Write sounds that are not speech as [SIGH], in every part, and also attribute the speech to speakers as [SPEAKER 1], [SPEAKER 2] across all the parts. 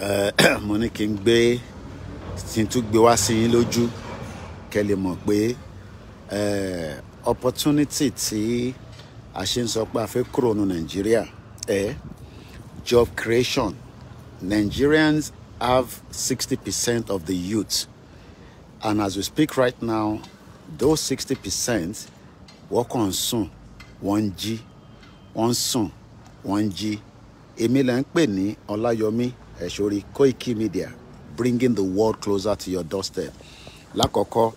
[SPEAKER 1] Eh, [CLEARS THROAT] mo ní kí n gbé tí n tún gbé wá sí yín lójú kẹ́ lè mọ̀ pé eh, opportunity tí a ṣe ń sọ pé a fẹ́ kúrò ní Nàìjíríà ẹ eh, job creation Nigerians have sixty percent of the youth and as we speak right now those sixty percent wọ́n kàn ń sùn wọ́n ń jí wọ́n ń sùn wọ́n ń jí èmi là ń pè ní Ọláyọmí ẹ sórí Koiki Media bringing the world closer to your doorstep lákọ̀ọ́kọ́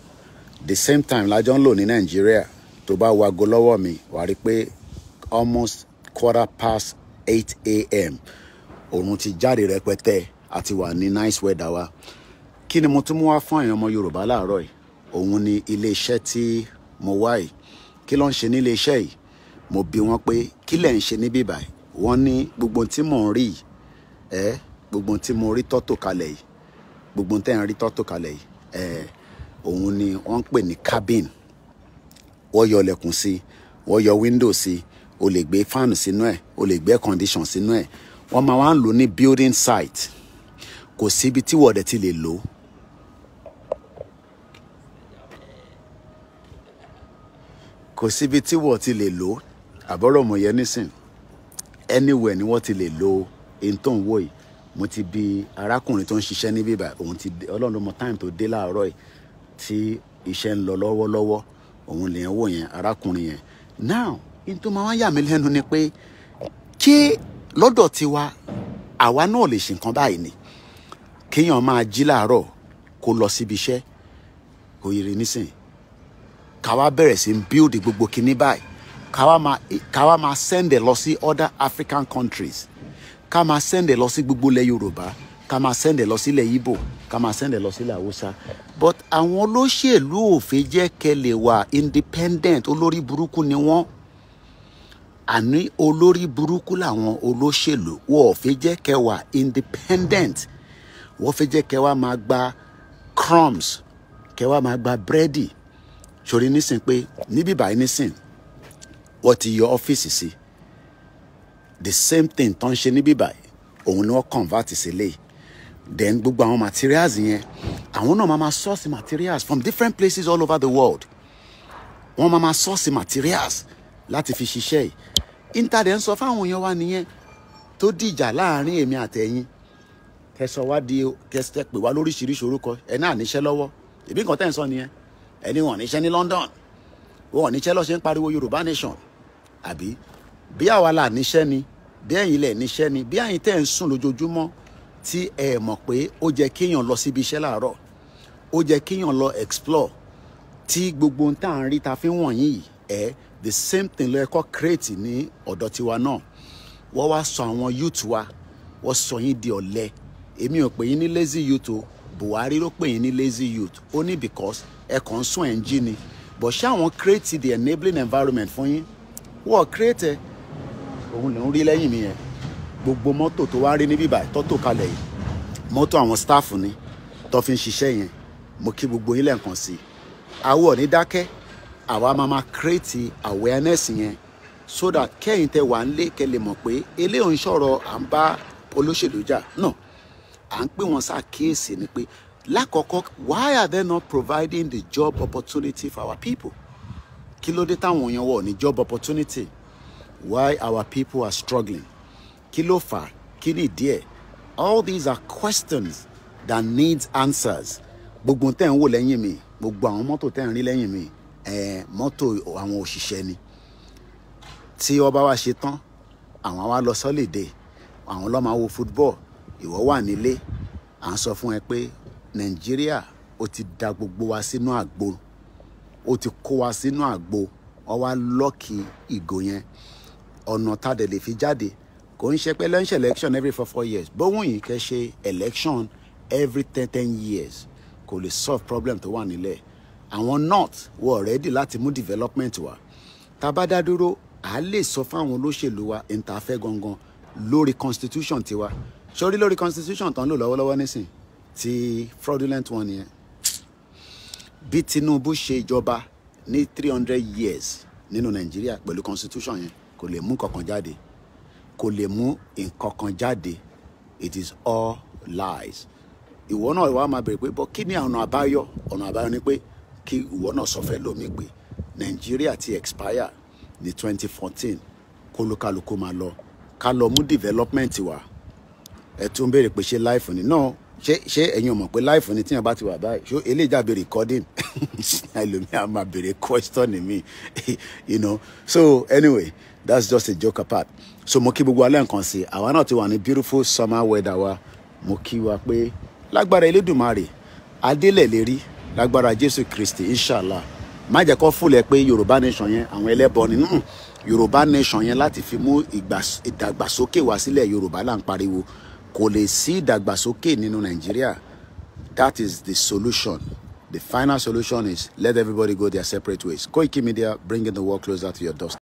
[SPEAKER 1] the same time lájọ́ ń lò ní Nigeria, tó bá wago lọ́wọ́ mi wàá rí i almost quarter past eight a.m. òòrùn ti jáde rẹpẹtẹ àti wà ní nice weather wa kí ni mo tún mú wá fún àwọn ọmọ yorùbá láàárọ̀ yìí òun ni iléeṣẹ́ tí mo wá yìí kí ló ń ṣe nílé iṣẹ́ yìí mo bi wọ́n pé kí lẹ̀ ń ṣe níbí báyìí wọ́n ní gbogbo tí mò ń rí ẹ́ eh? gbogbo tí mo rí tọ́tò kalẹ̀ yìí gbogbo tẹ́ ń rí tọ́tò kalẹ̀ yìí ẹ̀ òun ni wọ́n ń pè ní cabin wọ́n yọ ọlẹ̀kùn sí wọ́n yọ window sí o lè gbé fan sínú ẹ̀ o lè gbé condition sínú ẹ̀ wọ́n máa wá ń lò ní building site kò síbi tí wọ́ọ̀dẹ̀ ti lè lò kò síbi tí wọ́ọ̀ ti lè lò àbọ̀rọ̀ mọ̀yẹ́ nísìn anywhere ni wọ́n ti lè lò ohun tó ń wò yìí mo ti bi arákùnrin tó ń ṣiṣẹ́ níbí báyìí òun ti ọlọ́run ló mọ time tó dé láàárọ̀ yìí tí iṣẹ́ ń lọ lọ́wọ́lọ́wọ́ òun lè wò yẹn arákùnrin yẹn now in tó máa wá yà mí lẹ́nu ni pé kí lọ́dọ̀ tiwa àwa náà lè ṣe nǹkan báyìí ni kéèyàn máa jí láàárọ̀ kó lọ síbi iṣẹ́ kò yèrè nísìn káwa bẹ̀rẹ̀ sí ń gbogbo kinní báyìí káwa máa káwa lọ sí other African countries ká máa sẹ́ndẹ̀ lọ sí gbogbo ilẹ̀ yorùbá ká máa sẹ́ndẹ̀ lọ sílẹ̀ ibo ká máa sẹ́ndẹ̀ lọ sílẹ̀ haúsá but àwọn olóṣèlú ò fẹ́ jẹ́ kẹlẹ̀ wà independent olórí burúkú ni wọ́n àní olórí burúkú làwọn olóṣèlú wọn ò fẹ́ jẹ́ kẹ́ independent wọ́n fẹ́ jẹ́ kẹ́ máa gba crumbs kẹ́ wá máa gba búrẹ́dì sori nísìn pé níbí báyìí nísìn wọ́n ti yọ ọ́fíìsì sí i the same thing tó ń ṣe níbí báyìí òun ni wọ́n convert sí eléyìí then gbogbo àwọn materials yẹn àwọn náà máa ma source materials from different places all over the world wọ́n máa ma source materials láti fi ṣiṣẹ́ yìí intanet ń sọ fáwọn èèyàn wa nìyẹn tó dìjà láàrin èmi àtẹ̀yìn kẹsàn wá di kẹsàn pè wá lóríṣiríṣi orúkọ ẹ náà níṣẹ́ lọ́wọ́ ìbí nǹkan tẹ́ ń sọ nìyẹn ẹni wọn níṣẹ́ ní London wọn níṣẹ́ lọ́ọ́ ṣe ń pariwo Yorùbá nation àbí bí àwa là níṣẹ́ ni bí ẹ̀yin lẹ̀ níṣẹ́ ni bí ẹ̀yin tẹ̀ ń sùn lójoojúmọ́ tí ẹ mọ̀ pé ó jẹ́ kéèyàn lọ síbi iṣẹ́ làárọ̀ ó jẹ́ kéèyàn lọ explore tí gbogbo ohun tá à ń rí ta fi ń wọ̀nyí yìí the same thing ló ẹ̀kọ́ create ní ọ̀dọ̀ tiwa náà wọ́n wá sọ àwọn youth wa wọ́n sọ yín di ọ̀lẹ èmi ò pè yín ní lazy youth o Buhari ló pè yín ní lazy youth ó ní because ẹ kàn ń sún ẹ̀ ń jí ni but ṣé àwọn create the enabling environment fún yín wọ́n create ẹ̀ òun ni ń rí lẹ́yìn mi yẹn gbogbo mọ́tò tó wá rí níbí báyìí tọ́tò kalẹ̀ yìí mọ́tò àwọn sítáàfù ni tó fi ń ṣiṣẹ́ yẹn mo kí gbogbo yín lẹ́ẹ̀kan sí i àwọ̀ ní dákẹ́ àwa máa máa kírètì awareness yẹn so that kẹ́yìn tẹ wà ń lé kẹ́ lè mọ̀ pé eléyìí ń sọ̀rọ̀ à ń bá olóṣèlú jà náà à ń pè wọ́n ṣàkíyèsí ni pé lákọ̀ọ́kọ́ why are they not providing the job opportunity for our people kí ló dé táwọn èèyàn ní job opportunity why our people are struggling Kilofa, ló fà all these are questions that need answers gbogbo tẹ́ ń wò lẹ́yìn mi gbogbo àwọn mọ́tò tẹ́ ń rí lẹ́yìn mi mọ́tò àwọn òṣìṣẹ́ ni tí ọba wa ṣe tán àwọn wa lọ sọ́lìdè àwọn lọ́ máa wo football iwo wà nílé à ń sọ fún ẹ pé nàìjíríà ó ti da gbogbo wa sínú àgbo ó ti kó wa sínú àgbo ó wá lọ́ọ̀kì ìgò yẹn ọ̀nà tá a dẹ̀ lè fi jáde kò ń ṣe pé lẹ́ńṣẹ̀ election every four four years bóun yìí kẹ́ ṣe election every ten ten years kò lè solve problem tó wà nílẹ̀ àwọn north were ready láti mú development wá tá a bá dá dúró à á lè sọ fáwọn olóṣèlú wa ìntàfẹ́ gangan lórí constitution tiwa sórí lórí constitution tán lò lọ́wọ́lọ́wọ́ nísìn ti fraudulent one yẹn bí Tinubu ṣe ìjọba ní three hundred years nínú Nàìjíríà pẹ̀lú constitution yẹn kò lè mú kankan jáde kò lè mú nkankan jáde it is all lies ìwọ náà ìwà máa bèrè pé bọ́ kí ni ọ̀nà àbáyọ ọ̀nà àbáyọ ni pé kí ìwọ náà sọ fẹ́ lómi pé nàìjíríà ti expire ní twenty fourteen kólúkálukú máa lọ ká lọ mú development wa ẹ tún béèrè pé ṣé láìfù ni náà ṣé ṣé ẹ̀yin ò mọ̀ pé láìfù ni tíyẹn bá ti wà báyìí ṣó eléjà recording [LAUGHS] ẹlòmíì á máa béèrè you know so anyway that's just a joke apart so mo kí gbogbo alẹ́ nǹkan sí ti wà ní beautiful summer weather wa mo wa pé lágbára elédùnmarè adélẹ̀ lè rí lágbára jésù kristi inshallah má jẹ́ kó fúlẹ̀ pé yorùbá nation yẹn àwọn ẹlẹ́bọ nínú hmm, yorùbá nation yẹn láti fi mú ìdàgbàsókè wá sílẹ̀ yorùbá là ń pariwo kò lè sí ìdàgbàsókè nínú that is the solution The final solution is let everybody go their separate ways. Koiki Media, bringing the world closer to your doorstep.